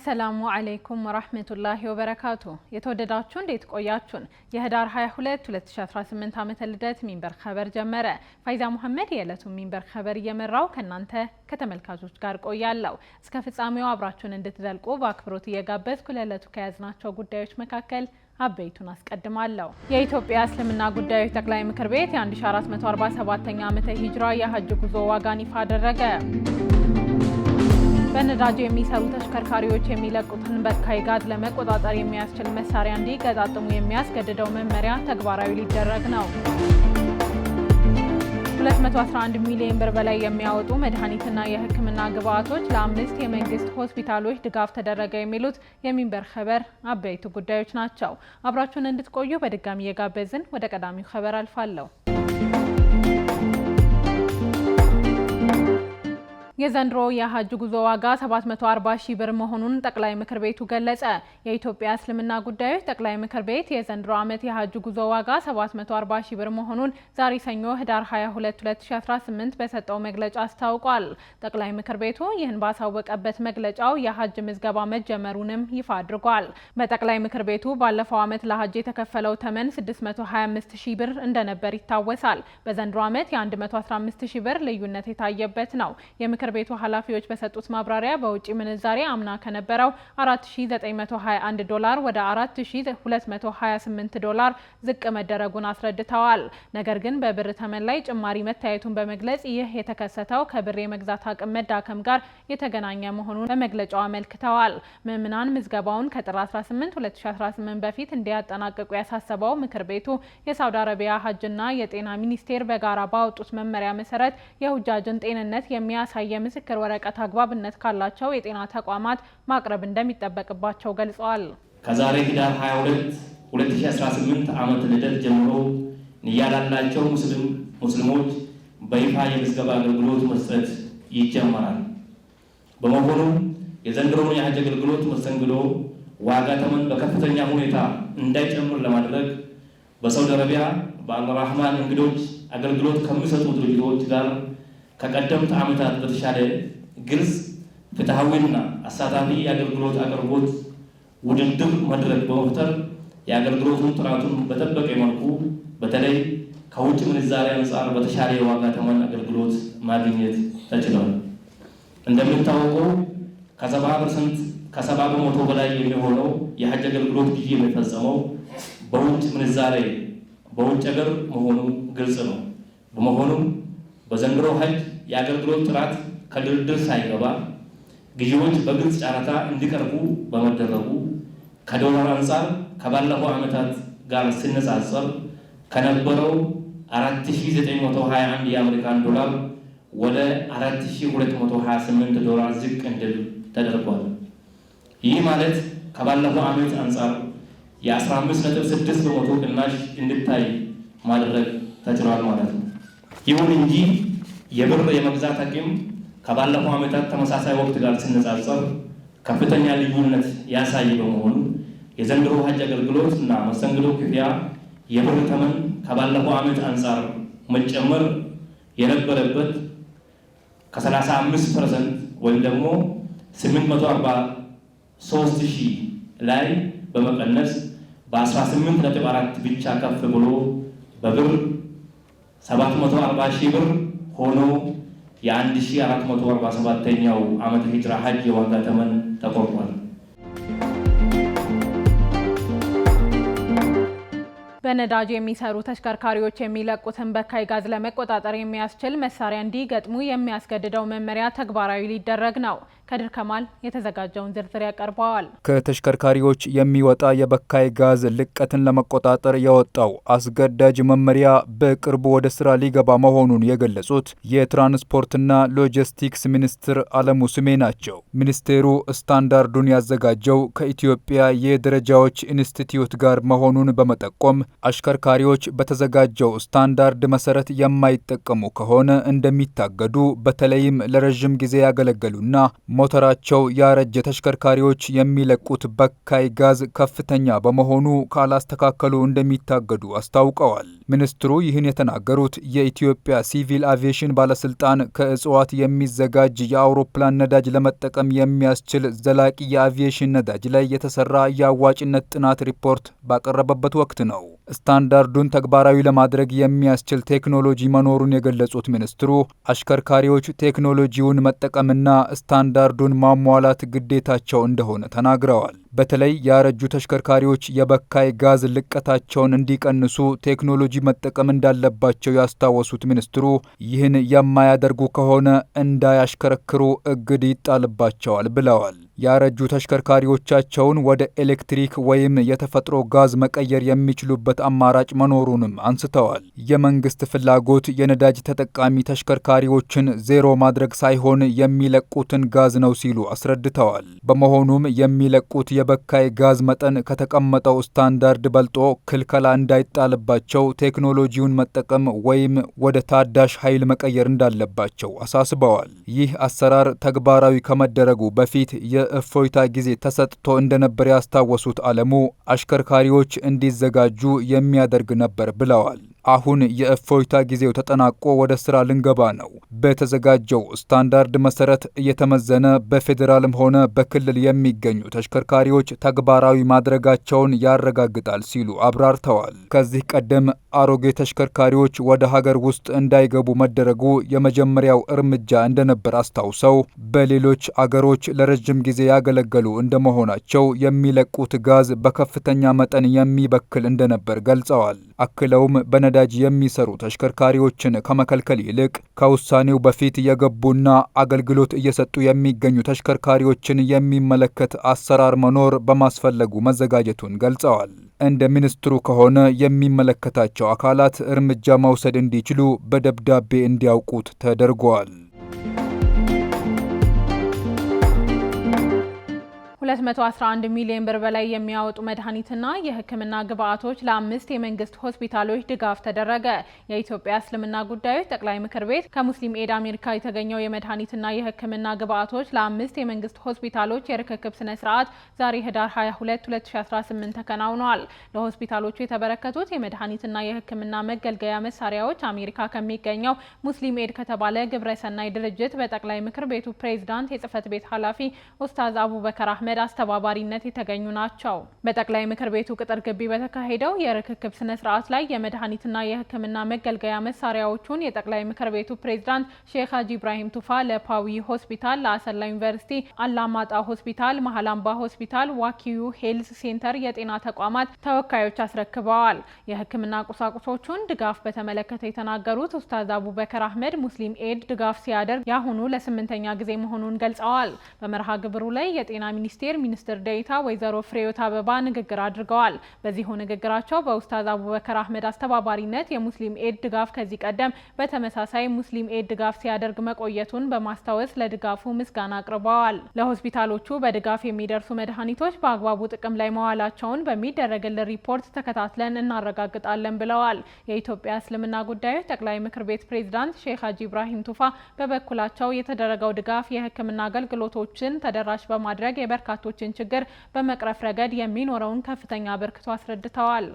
አሰላሙ አለይኩም ወራህመቱላሂ ወበረካቱ። የተወደዳችሁ እንዴት ቆያችሁን? የህዳር 22 2018 ዓመተ ልደት ሚንበር ኸበር ጀመረ። ፋይዛ ሙሐመድ የዕለቱን ሚንበር ኸበር እየመራው ከእናንተ ከተመልካቾች ጋር ቆያለሁ። እስከ ፍጻሜው አብራችሁን እንድትዘልቁ በአክብሮት እየጋበዝኩ ለዕለቱ ከያዝናቸው ጉዳዮች መካከል አበይቱን አስቀድማለሁ። የኢትዮጵያ እስልምና ጉዳዮች ጠቅላይ ምክር ቤት የ1447ኛ ዓመተ ሂጅራ የሀጅ ጉዞ ዋጋን ይፋ አደረገ። በነዳጅ የሚሰሩ ተሽከርካሪዎች የሚለቁትን በካይ ጋዝ ለመቆጣጠር የሚያስችል መሳሪያ እንዲገጣጥሙ የሚያስገድደው መመሪያ ተግባራዊ ሊደረግ ነው። 211 ሚሊዮን ብር በላይ የሚያወጡ መድኃኒትና የሕክምና ግብዓቶች ለአምስት የመንግስት ሆስፒታሎች ድጋፍ ተደረገ። የሚሉት የሚንበር ኸበር አበይቱ ጉዳዮች ናቸው። አብራችሁን እንድትቆዩ በድጋሚ የጋበዝን። ወደ ቀዳሚው ኸበር አልፋለሁ። የዘንድሮ የሀጅ ጉዞ ዋጋ 740 ሺህ ብር መሆኑን ጠቅላይ ምክር ቤቱ ገለጸ። የኢትዮጵያ እስልምና ጉዳዮች ጠቅላይ ምክር ቤት የዘንድሮ ዓመት የሀጅ ጉዞ ዋጋ 740 ሺህ ብር መሆኑን ዛሬ ሰኞ ህዳር 22 2018 በሰጠው መግለጫ አስታውቋል። ጠቅላይ ምክር ቤቱ ይህን ባሳወቀበት መግለጫው የሀጅ ምዝገባ መጀመሩንም ይፋ አድርጓል። በጠቅላይ ምክር ቤቱ ባለፈው ዓመት ለሀጅ የተከፈለው ተመን 625 ሺህ ብር እንደነበር ይታወሳል። በዘንድሮ ዓመት የ115 ሺህ ብር ልዩነት የታየበት ነው። ምክር ቤቱ ኃላፊዎች በሰጡት ማብራሪያ በውጭ ምንዛሬ አምና ከነበረው 4921 ዶላር ወደ 4228 ዶላር ዝቅ መደረጉን አስረድተዋል። ነገር ግን በብር ተመን ላይ ጭማሪ መታየቱን በመግለጽ ይህ የተከሰተው ከብር የመግዛት አቅም መዳከም ጋር የተገናኘ መሆኑን በመግለጫው አመልክተዋል። ምዕመናን ምዝገባውን ከጥር 18 2018 በፊት እንዲያጠናቅቁ ያሳሰበው ምክር ቤቱ የሳውዲ አረቢያ ሀጅና የጤና ሚኒስቴር በጋራ ባወጡት መመሪያ መሰረት የሁጃጅን ጤንነት የሚያሳየ የምስክር ወረቀት አግባብነት ካላቸው የጤና ተቋማት ማቅረብ እንደሚጠበቅባቸው ገልጸዋል። ከዛሬ ህዳር 22 2018 ዓመት ልደት ጀምሮ ንያላላቸው ሙስሊሞች በይፋ የምዝገባ አገልግሎት መስጠት ይጀመራል። በመሆኑም የዘንድሮውን የሀጅ አገልግሎት መስተንግዶ ዋጋ ተመን በከፍተኛ ሁኔታ እንዳይጨምር ለማድረግ በሳውዲ አረቢያ በአልራህማን እንግዶች አገልግሎት ከሚሰጡ ድርጅቶች ጋር ከቀደምት ዓመታት በተሻለ ግልጽ ፍትሐዊና አሳታፊ የአገልግሎት አቅርቦት ውድድር መድረክ በመፍጠር የአገልግሎቱን ጥራቱን በጠበቀ መልኩ በተለይ ከውጭ ምንዛሪ አንጻር በተሻለ የዋጋ ተመን አገልግሎት ማግኘት ተችሏል። እንደሚታወቀው ከሰባ ፐርሰንት ከሰባ በመቶ በላይ የሚሆነው የሀጅ አገልግሎት ጊዜ የሚፈጸመው በውጭ ምንዛሬ በውጭ ሀገር መሆኑ ግልጽ ነው። በመሆኑም በዘንድሮ ሀጅ የአገልግሎት ጥራት ከድርድር ሳይገባ ግዢዎች በግልጽ ጨረታ እንዲቀርቡ በመደረጉ ከዶላር አንጻር ከባለፈው ዓመታት ጋር ሲነጻጸር ከነበረው 4921 የአሜሪካን ዶላር ወደ 4228 ዶላር ዝቅ እንድል ተደርጓል። ይህ ማለት ከባለፈው ዓመት አንጻር የ15.6 በመቶ ቅናሽ እንድታይ ማድረግ ተችሏል ማለት ነው። ይሁን እንጂ የብር የመግዛት አቅም ከባለፈው ዓመታት ተመሳሳይ ወቅት ጋር ሲነጻጸር ከፍተኛ ልዩነት ያሳይ በመሆኑ የዘንድሮ ሀጅ አገልግሎት እና መስተንግዶ ክፍያ የብር ተመን ከባለፈው ዓመት አንጻር መጨመር የነበረበት ከ35 ፐርሰንት ወይም ደግሞ 843 ሺህ ላይ በመቀነስ በ18.4 ብቻ ከፍ ብሎ በብር 740 ሺህ ብር ሆኖ የ1447ኛው ዓመት ሂጅራ ሀጅ የዋጋ ተመን ተቆርጧል። በነዳጅ የሚሰሩ ተሽከርካሪዎች የሚለቁትን በካይ ጋዝ ለመቆጣጠር የሚያስችል መሳሪያ እንዲገጥሙ የሚያስገድደው መመሪያ ተግባራዊ ሊደረግ ነው። ከድር ከማል የተዘጋጀውን ዝርዝር ያቀርበዋል። ከተሽከርካሪዎች የሚወጣ የበካይ ጋዝ ልቀትን ለመቆጣጠር የወጣው አስገዳጅ መመሪያ በቅርቡ ወደ ስራ ሊገባ መሆኑን የገለጹት የትራንስፖርትና ሎጂስቲክስ ሚኒስትር አለሙ ስሜ ናቸው። ሚኒስቴሩ ስታንዳርዱን ያዘጋጀው ከኢትዮጵያ የደረጃዎች ኢንስቲትዩት ጋር መሆኑን በመጠቆም አሽከርካሪዎች በተዘጋጀው ስታንዳርድ መሰረት የማይጠቀሙ ከሆነ እንደሚታገዱ በተለይም ለረዥም ጊዜ ያገለገሉና ሞተራቸው ያረጀ ተሽከርካሪዎች የሚለቁት በካይ ጋዝ ከፍተኛ በመሆኑ ካላስተካከሉ እንደሚታገዱ አስታውቀዋል። ሚኒስትሩ ይህን የተናገሩት የኢትዮጵያ ሲቪል አቪዬሽን ባለስልጣን ከእጽዋት የሚዘጋጅ የአውሮፕላን ነዳጅ ለመጠቀም የሚያስችል ዘላቂ የአቪዬሽን ነዳጅ ላይ የተሰራ የአዋጭነት ጥናት ሪፖርት ባቀረበበት ወቅት ነው። ስታንዳርዱን ተግባራዊ ለማድረግ የሚያስችል ቴክኖሎጂ መኖሩን የገለጹት ሚኒስትሩ አሽከርካሪዎች ቴክኖሎጂውን መጠቀምና ስታንዳርዱን ማሟላት ግዴታቸው እንደሆነ ተናግረዋል። በተለይ ያረጁ ተሽከርካሪዎች የበካይ ጋዝ ልቀታቸውን እንዲቀንሱ ቴክኖሎጂ መጠቀም እንዳለባቸው ያስታወሱት ሚኒስትሩ ይህን የማያደርጉ ከሆነ እንዳያሽከረክሩ እግድ ይጣልባቸዋል ብለዋል። ያረጁ ተሽከርካሪዎቻቸውን ወደ ኤሌክትሪክ ወይም የተፈጥሮ ጋዝ መቀየር የሚችሉበት አማራጭ መኖሩንም አንስተዋል። የመንግስት ፍላጎት የነዳጅ ተጠቃሚ ተሽከርካሪዎችን ዜሮ ማድረግ ሳይሆን የሚለቁትን ጋዝ ነው ሲሉ አስረድተዋል። በመሆኑም የሚለቁት የበካይ ጋዝ መጠን ከተቀመጠው ስታንዳርድ በልጦ ክልከላ እንዳይጣልባቸው ቴክኖሎጂውን መጠቀም ወይም ወደ ታዳሽ ኃይል መቀየር እንዳለባቸው አሳስበዋል። ይህ አሰራር ተግባራዊ ከመደረጉ በፊት የእፎይታ ጊዜ ተሰጥቶ እንደነበር ያስታወሱት አለሙ አሽከርካሪዎች እንዲዘጋጁ የሚያደርግ ነበር ብለዋል። አሁን የእፎይታ ጊዜው ተጠናቆ ወደ ስራ ልንገባ ነው። በተዘጋጀው ስታንዳርድ መሰረት እየተመዘነ በፌዴራልም ሆነ በክልል የሚገኙ ተሽከርካሪዎች ተግባራዊ ማድረጋቸውን ያረጋግጣል ሲሉ አብራርተዋል። ከዚህ ቀደም አሮጌ ተሽከርካሪዎች ወደ ሀገር ውስጥ እንዳይገቡ መደረጉ የመጀመሪያው እርምጃ እንደነበር አስታውሰው በሌሎች አገሮች ለረጅም ጊዜ ያገለገሉ እንደመሆናቸው የሚለቁት ጋዝ በከፍተኛ መጠን የሚበክል እንደነበር ገልጸዋል። አክለውም በነዳጅ የሚሰሩ ተሽከርካሪዎችን ከመከልከል ይልቅ ከውሳኔው በፊት የገቡና አገልግሎት እየሰጡ የሚገኙ ተሽከርካሪዎችን የሚመለከት አሰራር መኖር በማስፈለጉ መዘጋጀቱን ገልጸዋል። እንደ ሚኒስትሩ ከሆነ የሚመለከታቸው አካላት እርምጃ መውሰድ እንዲችሉ በደብዳቤ እንዲያውቁት ተደርጓል። 211 ሚሊዮን ብር በላይ የሚያወጡ መድኃኒትና የሕክምና ግብዓቶች ለአምስት የመንግስት ሆስፒታሎች ድጋፍ ተደረገ። የኢትዮጵያ እስልምና ጉዳዮች ጠቅላይ ምክር ቤት ከሙስሊም ኤድ አሜሪካ የተገኘው የመድኃኒትና የሕክምና ግብዓቶች ለአምስት የመንግስት ሆስፒታሎች የርክክብ ስነ ስርዓት ዛሬ ህዳር 22 2018 ተከናውኗል። ለሆስፒታሎቹ የተበረከቱት የመድኃኒትና የሕክምና መገልገያ መሳሪያዎች አሜሪካ ከሚገኘው ሙስሊም ኤድ ከተባለ ግብረሰናይ ድርጅት በጠቅላይ ምክር ቤቱ ፕሬዝዳንት የጽህፈት ቤት ኃላፊ ኡስታዝ አቡበከር አህመድ አስተባባሪነት የተገኙ ናቸው። በጠቅላይ ምክር ቤቱ ቅጥር ግቢ በተካሄደው የርክክብ ስነ ስርዓት ላይ የመድኃኒትና የሕክምና መገልገያ መሳሪያዎቹን የጠቅላይ ምክር ቤቱ ፕሬዝዳንት ሼክ ሀጂ ኢብራሂም ቱፋ ለፓዊ ሆስፒታል፣ ለአሰላ ዩኒቨርሲቲ፣ አላማጣ ሆስፒታል፣ መሀላምባ ሆስፒታል፣ ዋኪዩ ሄልዝ ሴንተር የጤና ተቋማት ተወካዮች አስረክበዋል። የሕክምና ቁሳቁሶቹን ድጋፍ በተመለከተ የተናገሩት ኡስታዝ አቡበከር አህመድ ሙስሊም ኤድ ድጋፍ ሲያደርግ ያሁኑ ለስምንተኛ ጊዜ መሆኑን ገልጸዋል። በመርሃ ግብሩ ላይ የጤና ሚኒስቴር ሚኒስቴር ሚኒስትር ዴኤታ ወይዘሮ ፍሬዮት አበባ ንግግር አድርገዋል። በዚሁ ንግግራቸው በኡስታዝ አቡበከር አህመድ አስተባባሪነት የሙስሊም ኤድ ድጋፍ ከዚህ ቀደም በተመሳሳይ ሙስሊም ኤድ ድጋፍ ሲያደርግ መቆየቱን በማስታወስ ለድጋፉ ምስጋና አቅርበዋል። ለሆስፒታሎቹ በድጋፍ የሚደርሱ መድኃኒቶች በአግባቡ ጥቅም ላይ መዋላቸውን በሚደረግልን ሪፖርት ተከታትለን እናረጋግጣለን ብለዋል። የኢትዮጵያ እስልምና ጉዳዮች ጠቅላይ ምክር ቤት ፕሬዝዳንት ሼክ ሀጂ ኢብራሂም ቱፋ በበኩላቸው የተደረገው ድጋፍ የሕክምና አገልግሎቶችን ተደራሽ በማድረግ የበርካታ የወጣቶችን ችግር በመቅረፍ ረገድ የሚኖረውን ከፍተኛ አበርክቶ አስረድተዋል።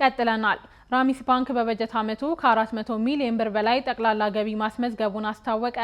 ቀጥለናል። ራሚስ ባንክ በበጀት ዓመቱ ከ400 ሚሊዮን ብር በላይ ጠቅላላ ገቢ ማስመዝገቡን አስታወቀ።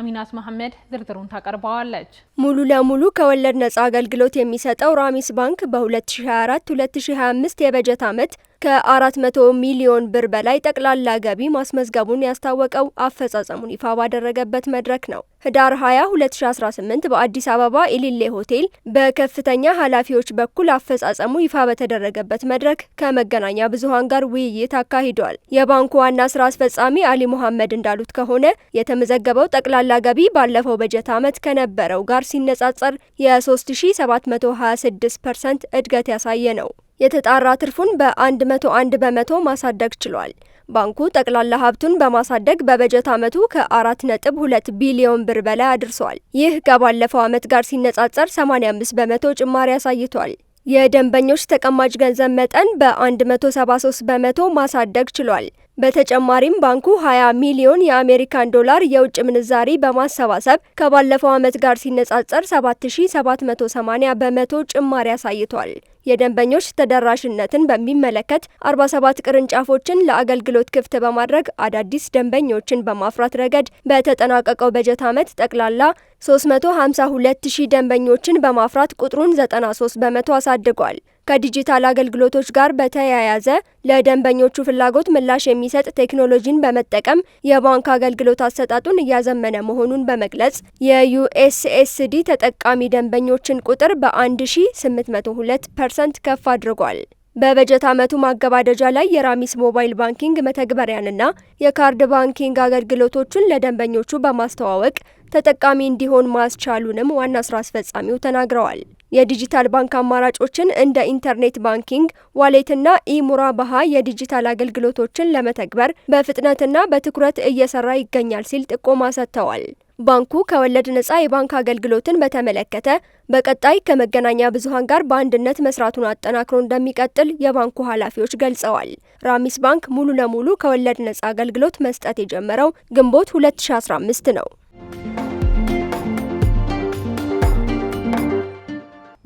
አሚናት መሐመድ ዝርዝሩን ታቀርበዋለች። ሙሉ ለሙሉ ከወለድ ነጻ አገልግሎት የሚሰጠው ራሚስ ባንክ በ2024/2025 የበጀት ዓመት ከ400 ሚሊዮን ብር በላይ ጠቅላላ ገቢ ማስመዝገቡን ያስታወቀው አፈጻጸሙን ይፋ ባደረገበት መድረክ ነው። ህዳር 20 2018 በአዲስ አበባ ኢሊሌ ሆቴል በከፍተኛ ኃላፊዎች በኩል አፈጻጸሙ ይፋ በተደረገበት መድረክ ከመገናኛ ብዙሃን ጋር ውይይት አካሂዷል። የባንኩ ዋና ስራ አስፈጻሚ አሊ ሙሐመድ እንዳሉት ከሆነ የተመዘገበው ጠቅላላ ገቢ ባለፈው በጀት ዓመት ከነበረው ጋር ሲነጻጸር የ3726 ፐርሰንት እድገት ያሳየ ነው። የተጣራ ትርፉን በ101 በመቶ ማሳደግ ችሏል። ባንኩ ጠቅላላ ሀብቱን በማሳደግ በበጀት ዓመቱ ከ4.2 ቢሊዮን ብር በላይ አድርሷል። ይህ ከባለፈው ዓመት ጋር ሲነጻጸር 85 በመቶ ጭማሪ አሳይቷል። የደንበኞች ተቀማጭ ገንዘብ መጠን በ173 በመቶ ማሳደግ ችሏል። በተጨማሪም ባንኩ 20 ሚሊዮን የአሜሪካን ዶላር የውጭ ምንዛሪ በማሰባሰብ ከባለፈው ዓመት ጋር ሲነጻጸር 7780 በመቶ ጭማሪ አሳይቷል። የደንበኞች ተደራሽነትን በሚመለከት 47 ቅርንጫፎችን ለአገልግሎት ክፍት በማድረግ አዳዲስ ደንበኞችን በማፍራት ረገድ በተጠናቀቀው በጀት ዓመት ጠቅላላ 352 ሺህ ደንበኞችን በማፍራት ቁጥሩን 93 በመቶ አሳድጓል። ከዲጂታል አገልግሎቶች ጋር በተያያዘ ለደንበኞቹ ፍላጎት ምላሽ የሚሰጥ ቴክኖሎጂን በመጠቀም የባንክ አገልግሎት አሰጣጡን እያዘመነ መሆኑን በመግለጽ የዩኤስኤስዲ ተጠቃሚ ደንበኞችን ቁጥር በ1802 ፐርሰንት ከፍ አድርጓል። በበጀት ዓመቱ ማገባደጃ ላይ የራሚስ ሞባይል ባንኪንግ መተግበሪያንና የካርድ ባንኪንግ አገልግሎቶችን ለደንበኞቹ በማስተዋወቅ ተጠቃሚ እንዲሆን ማስቻሉንም ዋና ስራ አስፈጻሚው ተናግረዋል። የዲጂታል ባንክ አማራጮችን እንደ ኢንተርኔት ባንኪንግ፣ ዋሌትና ኢሙራባሃ የዲጂታል አገልግሎቶችን ለመተግበር በፍጥነትና በትኩረት እየሰራ ይገኛል ሲል ጥቆማ ሰጥተዋል። ባንኩ ከወለድ ነጻ የባንክ አገልግሎትን በተመለከተ በቀጣይ ከመገናኛ ብዙኃን ጋር በአንድነት መስራቱን አጠናክሮ እንደሚቀጥል የባንኩ ኃላፊዎች ገልጸዋል። ራሚስ ባንክ ሙሉ ለሙሉ ከወለድ ነጻ አገልግሎት መስጠት የጀመረው ግንቦት 2015 ነው።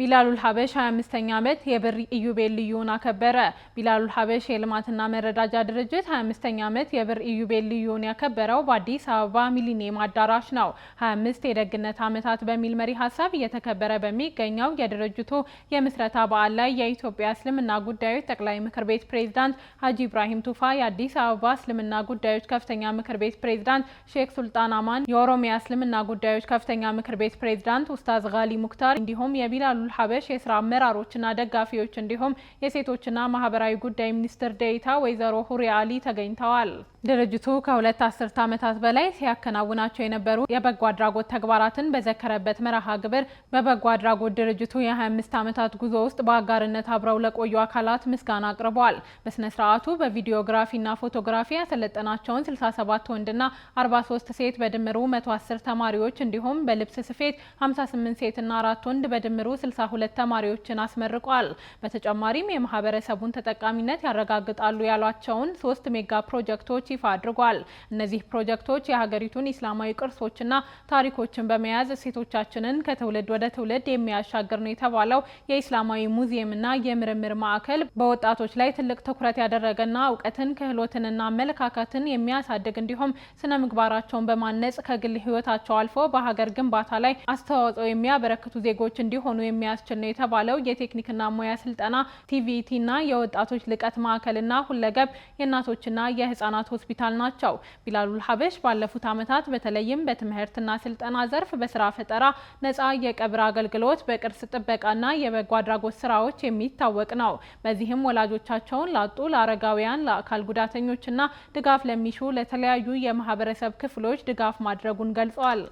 ቢላሉል ሀበሽ 25ኛ ዓመት የብር ኢዮቤልዩን አከበረ። ቢላሉል ሀበሽ የልማትና መረዳጃ ድርጅት 25ኛ ዓመት የብር ኢዮቤልዩን ያከበረው በአዲስ አበባ ሚሊኒየም አዳራሽ ነው። 25 የደግነት ዓመታት በሚል መሪ ሀሳብ እየተከበረ በሚገኘው የድርጅቱ የምስረታ በዓል ላይ የኢትዮጵያ እስልምና ጉዳዮች ጠቅላይ ምክር ቤት ፕሬዝዳንት ሀጂ ኢብራሂም ቱፋ፣ የአዲስ አበባ እስልምና ጉዳዮች ከፍተኛ ምክር ቤት ፕሬዝዳንት ሼክ ሱልጣን አማን፣ የኦሮሚያ እስልምና ጉዳዮች ከፍተኛ ምክር ቤት ፕሬዝዳንት ኡስታዝ ጋሊ ሙክታር እንዲሁም የቢላሉ ሱልጣኑል ሀበሽ የስራ አመራሮችና ደጋፊዎች እንዲሁም የሴቶችና ማህበራዊ ጉዳይ ሚኒስትር ዴኤታ ወይዘሮ ሁሪ አሊ ተገኝተዋል። ድርጅቱ ከሁለት አስርተ ዓመታት በላይ ሲያከናውናቸው የነበሩ የበጎ አድራጎት ተግባራትን በዘከረበት መርሃ ግብር በበጎ አድራጎት ድርጅቱ የ25 ዓመታት ጉዞ ውስጥ በአጋርነት አብረው ለቆዩ አካላት ምስጋና አቅርበዋል። በስነ ስርዓቱ በቪዲዮግራፊና ፎቶግራፊ ያሰለጠናቸውን 67 ወንድና 43 ሴት በድምሩ 110 ተማሪዎች እንዲሁም በልብስ ስፌት 58 ሴትና አራት ወንድ በድምሩ ሁለት ተማሪዎችን አስመርቋል። በተጨማሪም የማህበረሰቡን ተጠቃሚነት ያረጋግጣሉ ያሏቸውን ሶስት ሜጋ ፕሮጀክቶች ይፋ አድርጓል። እነዚህ ፕሮጀክቶች የሀገሪቱን ኢስላማዊ ቅርሶችና ታሪኮችን በመያዝ እሴቶቻችንን ከትውልድ ወደ ትውልድ የሚያሻግር ነው የተባለው የኢስላማዊ ሙዚየምና የምርምር ማዕከል በወጣቶች ላይ ትልቅ ትኩረት ያደረገና እውቀትን ክህሎትንና አመለካከትን የሚያሳድግ እንዲሁም ስነ ምግባራቸውን በማነጽ ከግል ህይወታቸው አልፎ በሀገር ግንባታ ላይ አስተዋጽኦ የሚያበረክቱ ዜጎች እንዲሆኑ የሚ የሚያስችል ነው የተባለው የቴክኒክና ሙያ ስልጠና ቲቪቲና የወጣቶች ልቀት ማዕከልና ሁለገብ የእናቶችና የህጻናት ሆስፒታል ናቸው። ቢላሉል ሀበሽ ባለፉት ዓመታት በተለይም በትምህርትና ስልጠና ዘርፍ በስራ ፈጠራ፣ ነጻ የቀብር አገልግሎት፣ በቅርስ ጥበቃና የበጎ አድራጎት ስራዎች የሚታወቅ ነው። በዚህም ወላጆቻቸውን ላጡ፣ ለአረጋውያን፣ ለአካል ጉዳተኞችና ድጋፍ ለሚሹ ለተለያዩ የማህበረሰብ ክፍሎች ድጋፍ ማድረጉን ገልጸዋል።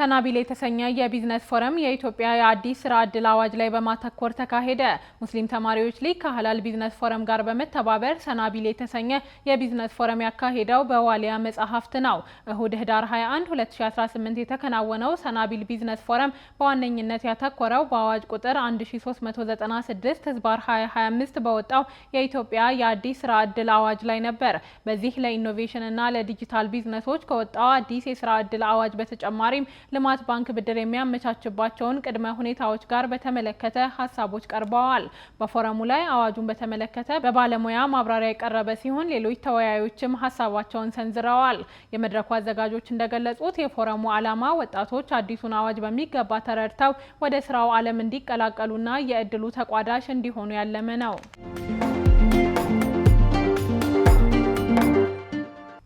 ሰናቢል የተሰኘ የቢዝነስ ፎረም የኢትዮጵያ የአዲስ ስራ እድል አዋጅ ላይ በማተኮር ተካሄደ። ሙስሊም ተማሪዎች ሊግ ከሀላል ቢዝነስ ፎረም ጋር በመተባበር ሰናቢል የተሰኘ የቢዝነስ ፎረም ያካሄደው በዋሊያ መጽሐፍት ነው። እሁድ ህዳር 21 2018 የተከናወነው ሰናቢል ቢዝነስ ፎረም በዋነኝነት ያተኮረው በአዋጅ ቁጥር 1396 ህዝባር 2025 በወጣው የኢትዮጵያ የአዲስ ስራ እድል አዋጅ ላይ ነበር። በዚህ ለኢኖቬሽንና ለዲጂታል ቢዝነሶች ከወጣው አዲስ የስራ ዕድል አዋጅ በተጨማሪም ልማት ባንክ ብድር የሚያመቻችባቸውን ቅድመ ሁኔታዎች ጋር በተመለከተ ሀሳቦች ቀርበዋል። በፎረሙ ላይ አዋጁን በተመለከተ በባለሙያ ማብራሪያ የቀረበ ሲሆን ሌሎች ተወያዮችም ሀሳባቸውን ሰንዝረዋል። የመድረኩ አዘጋጆች እንደገለጹት የፎረሙ ዓላማ ወጣቶች አዲሱን አዋጅ በሚገባ ተረድተው ወደ ስራው ዓለም እንዲቀላቀሉና የእድሉ ተቋዳሽ እንዲሆኑ ያለመ ነው።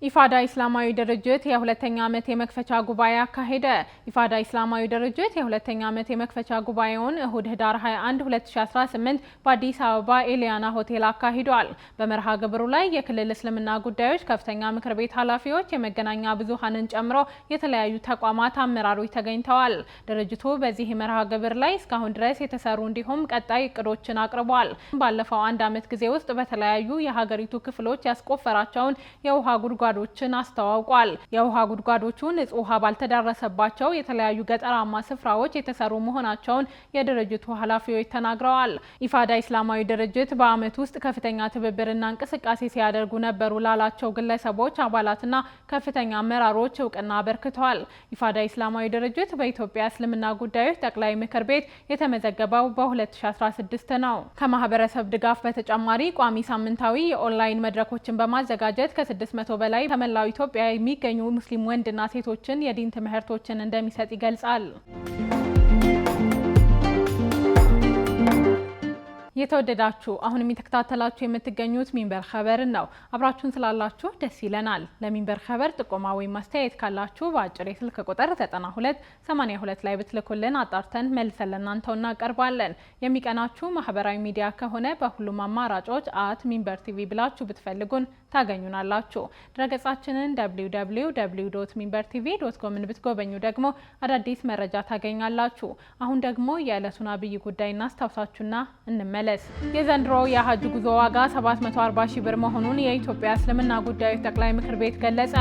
ኢፋዳ ኢስላማዊ ድርጅት የሁለተኛ ዓመት የመክፈቻ ጉባኤ አካሄደ። ኢፋዳ ኢስላማዊ ድርጅት የሁለተኛ ዓመት የመክፈቻ ጉባኤውን እሁድ ህዳር 21 2018 በአዲስ አበባ ኤሊያና ሆቴል አካሂዷል። በመርሃ ግብሩ ላይ የክልል እስልምና ጉዳዮች ከፍተኛ ምክር ቤት ኃላፊዎች፣ የመገናኛ ብዙሀንን ጨምሮ የተለያዩ ተቋማት አመራሮች ተገኝተዋል። ድርጅቱ በዚህ መርሃ ግብር ላይ እስካሁን ድረስ የተሰሩ እንዲሁም ቀጣይ እቅዶችን አቅርቧል። ባለፈው አንድ ዓመት ጊዜ ውስጥ በተለያዩ የሀገሪቱ ክፍሎች ያስቆፈራቸውን የውሃ ጉድጓ ጉድጓዶችን አስተዋውቋል። የውሃ ጉድጓዶቹ ንጹህ ውሃ ባልተዳረሰባቸው የተለያዩ ገጠራማ ስፍራዎች የተሰሩ መሆናቸውን የድርጅቱ ኃላፊዎች ተናግረዋል። ኢፋዳ ኢስላማዊ ድርጅት በዓመት ውስጥ ከፍተኛ ትብብርና እንቅስቃሴ ሲያደርጉ ነበሩ ላላቸው ግለሰቦች፣ አባላትና ከፍተኛ አመራሮች እውቅና አበርክተዋል። ኢፋዳ ኢስላማዊ ድርጅት በኢትዮጵያ እስልምና ጉዳዮች ጠቅላይ ምክር ቤት የተመዘገበው በ2016 ነው። ከማህበረሰብ ድጋፍ በተጨማሪ ቋሚ ሳምንታዊ የኦንላይን መድረኮችን በማዘጋጀት ከ600 በላይ ላይ በመላው ኢትዮጵያ የሚገኙ ሙስሊም ወንድና ሴቶችን የዲን ትምህርቶችን እንደሚሰጥ ይገልጻል። የተወደዳችሁ አሁንም የተከታተላችሁ የምትገኙት ሚንበር ኸበርን ነው። አብራችሁን ስላላችሁ ደስ ይለናል። ለሚንበር ኸበር ጥቆማ ወይም ማስተያየት ካላችሁ በአጭር የስልክ ቁጥር 82 ላይ ብትልኩልን አጣርተን መልሰን ለእናንተው እናቀርባለን። የሚቀናችሁ ማህበራዊ ሚዲያ ከሆነ በሁሉም አማራጮች አት ሚንበር ቲቪ ብላችሁ ብትፈልጉን ታገኙናላችሁ። ድረገጻችንን ሚንበር ቲቪ ዶት ኮምን ብትጎበኙ ደግሞ አዳዲስ መረጃ ታገኛላችሁ። አሁን ደግሞ የዕለቱን አብይ ጉዳይ እናስታውሳችሁና እንመለ መመለስ። የዘንድሮ የሀጅ ጉዞ ዋጋ 740 ብር መሆኑን የኢትዮጵያ እስልምና ጉዳዮች ጠቅላይ ምክር ቤት ገለጸ።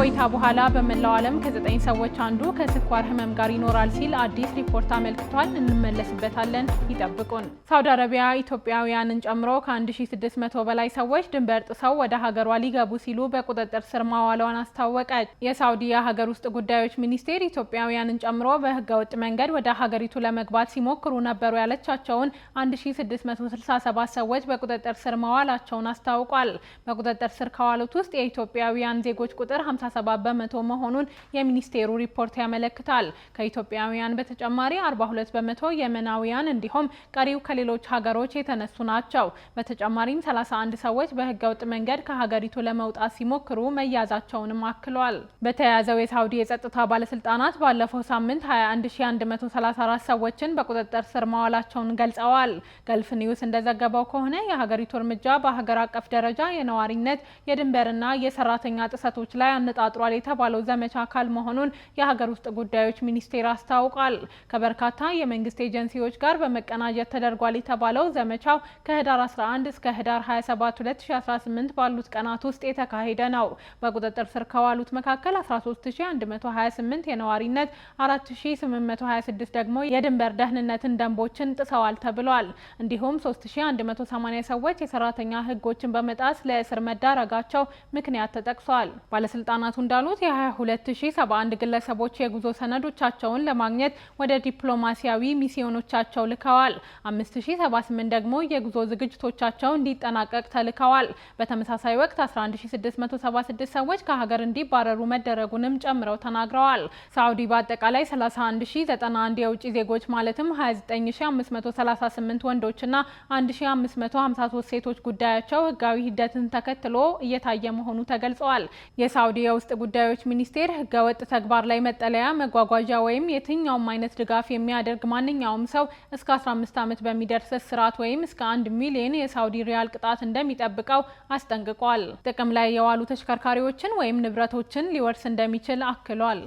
ቆይታ በኋላ በመላው ዓለም ከዘጠኝ ሰዎች አንዱ ከስኳር ህመም ጋር ይኖራል ሲል አዲስ ሪፖርት አመልክቷል። እንመለስበታለን፣ ይጠብቁን። ሳውዲ አረቢያ ኢትዮጵያውያንን ጨምሮ ከ1600 በላይ ሰዎች ድንበር ጥሰው ወደ ሀገሯ ሊገቡ ሲሉ በቁጥጥር ስር ማዋለዋን አስታወቀች። የሳውዲ የሀገር ውስጥ ጉዳዮች ሚኒስቴር ኢትዮጵያውያንን ጨምሮ በህገወጥ መንገድ ወደ ሀገሪቱ ለመግባት ሲሞክሩ ነበሩ ያለቻቸውን 1667 ሰዎች በቁጥጥር ስር ማዋላቸውን አስታውቋል። በቁጥጥር ስር ከዋሉት ውስጥ የኢትዮጵያውያን ዜጎች ቁጥር 37 በመቶ መሆኑን የሚኒስቴሩ ሪፖርት ያመለክታል። ከኢትዮጵያውያን በተጨማሪ 42 በመቶ የመናውያን እንዲሁም ቀሪው ከሌሎች ሀገሮች የተነሱ ናቸው። በተጨማሪም 31 ሰዎች በህገወጥ መንገድ ከሀገሪቱ ለመውጣት ሲሞክሩ መያዛቸውንም አክሏል። በተያያዘው የሳውዲ የጸጥታ ባለስልጣናት ባለፈው ሳምንት 21134 ሰዎችን በቁጥጥር ስር ማዋላቸውን ገልጸዋል። ገልፍ ኒውስ እንደዘገበው ከሆነ የሀገሪቱ እርምጃ በሀገር አቀፍ ደረጃ የነዋሪነት የድንበርና የሰራተኛ ጥሰቶች ላይ ተነጣጥሯል የተባለው ዘመቻ አካል መሆኑን የሀገር ውስጥ ጉዳዮች ሚኒስቴር አስታውቋል። ከበርካታ የመንግስት ኤጀንሲዎች ጋር በመቀናጀት ተደርጓል የተባለው ዘመቻው ከህዳር 11 እስከ ህዳር 27 2018 ባሉት ቀናት ውስጥ የተካሄደ ነው። በቁጥጥር ስር ከዋሉት መካከል 13128 የነዋሪነት፣ 4826 ደግሞ የድንበር ደህንነትን ደንቦችን ጥሰዋል ተብሏል። እንዲሁም 3180 ሰዎች የሰራተኛ ህጎችን በመጣስ ለእስር መዳረጋቸው ምክንያት ተጠቅሷል። ባለስልጣናት ባለስልጣናቱ እንዳሉት የ22071 ግለሰቦች የጉዞ ሰነዶቻቸውን ለማግኘት ወደ ዲፕሎማሲያዊ ሚስዮኖቻቸው ልከዋል። 5078 ደግሞ የጉዞ ዝግጅቶቻቸው እንዲጠናቀቅ ተልከዋል። በተመሳሳይ ወቅት 11676 ሰዎች ከሀገር እንዲባረሩ መደረጉንም ጨምረው ተናግረዋል። ሳዑዲ በአጠቃላይ 31091 የውጭ ዜጎች ማለትም 29538 ወንዶችና 1553 ሴቶች ጉዳያቸው ህጋዊ ሂደትን ተከትሎ እየታየ መሆኑ ተገልጸዋል። የሳዑዲ ውስጥ ጉዳዮች ሚኒስቴር ህገወጥ ተግባር ላይ መጠለያ፣ መጓጓዣ ወይም የትኛውም አይነት ድጋፍ የሚያደርግ ማንኛውም ሰው እስከ 15 ዓመት በሚደርስ እስራት ወይም እስከ 1 ሚሊዮን የሳውዲ ሪያል ቅጣት እንደሚጠብቀው አስጠንቅቋል። ጥቅም ላይ የዋሉ ተሽከርካሪዎችን ወይም ንብረቶችን ሊወርስ እንደሚችል አክሏል።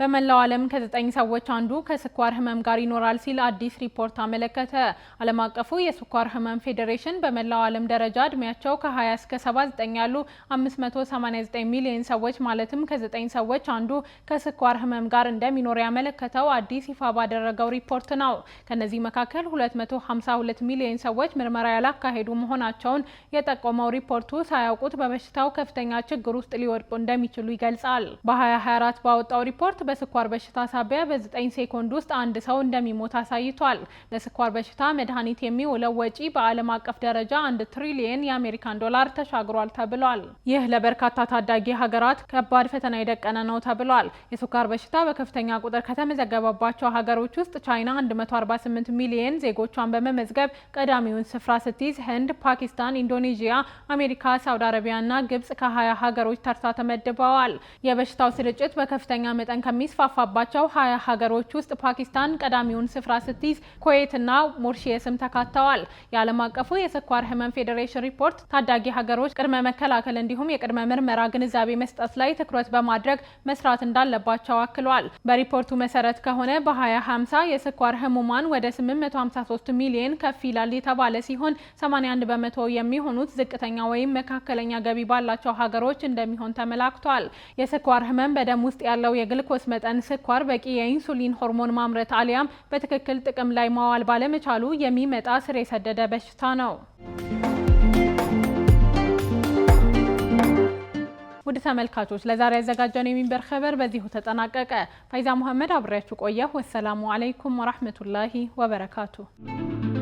በመላው ዓለም ከዘጠኝ ሰዎች አንዱ ከስኳር ህመም ጋር ይኖራል ሲል አዲስ ሪፖርት አመለከተ። ዓለም አቀፉ የስኳር ህመም ፌዴሬሽን በመላው ዓለም ደረጃ እድሜያቸው ከ20 እስከ 79 ያሉ 589 ሚሊዮን ሰዎች ማለትም ከዘጠኝ ሰዎች አንዱ ከስኳር ህመም ጋር እንደሚኖር ያመለከተው አዲስ ይፋ ባደረገው ሪፖርት ነው። ከነዚህ መካከል 252 ሚሊዮን ሰዎች ምርመራ ያላካሄዱ መሆናቸውን የጠቆመው ሪፖርቱ ሳያውቁት በበሽታው ከፍተኛ ችግር ውስጥ ሊወድቁ እንደሚችሉ ይገልጻል። በ2024 ባወጣው ሪፖርት በስኳር በሽታ ሳቢያ በ9 ሴኮንድ ውስጥ አንድ ሰው እንደሚሞት አሳይቷል። ለስኳር በሽታ መድኃኒት የሚውለው ወጪ በዓለም አቀፍ ደረጃ አንድ ትሪሊየን የአሜሪካን ዶላር ተሻግሯል ተብሏል። ይህ ለበርካታ ታዳጊ ሀገራት ከባድ ፈተና የደቀነ ነው ተብሏል። የስኳር በሽታ በከፍተኛ ቁጥር ከተመዘገበባቸው ሀገሮች ውስጥ ቻይና 148 ሚሊየን ዜጎቿን በመመዝገብ ቀዳሚውን ስፍራ ስትይዝ፣ ህንድ፣ ፓኪስታን፣ ኢንዶኔዥያ፣ አሜሪካ፣ ሳውዲ አረቢያና ግብጽ ከ20 ሀገሮች ተርታ ተመድበዋል። የበሽታው ስርጭት በከፍተኛ መጠን ከሚስፋፋባቸው ሀያ ሀገሮች ውስጥ ፓኪስታን ቀዳሚውን ስፍራ ስትይዝ ኩዌትና ሞሪሸስም ተካተዋል። የዓለም አቀፉ የስኳር ህመም ፌዴሬሽን ሪፖርት ታዳጊ ሀገሮች ቅድመ መከላከል እንዲሁም የቅድመ ምርመራ ግንዛቤ መስጠት ላይ ትኩረት በማድረግ መስራት እንዳለባቸው አክሏል። በሪፖርቱ መሰረት ከሆነ በ2050 የስኳር ህሙማን ወደ 853 ሚሊዮን ከፍ ይላል የተባለ ሲሆን 81 በመቶ የሚሆኑት ዝቅተኛ ወይም መካከለኛ ገቢ ባላቸው ሀገሮች እንደሚሆን ተመላክቷል። የስኳር ህመም በደም ውስጥ ያለው የግልኮስ መጠን ስኳር በቂ የኢንሱሊን ሆርሞን ማምረት አሊያም በትክክል ጥቅም ላይ ማዋል ባለመቻሉ የሚመጣ ስር የሰደደ በሽታ ነው። ውድ ተመልካቾች ለዛሬ ያዘጋጀነው የሚንበር ኸበር በዚሁ ተጠናቀቀ። ፋይዛ መሐመድ አብሬያችሁ ቆየሁ። ወሰላሙ አለይኩም ወራህመቱላሂ ወበረካቱ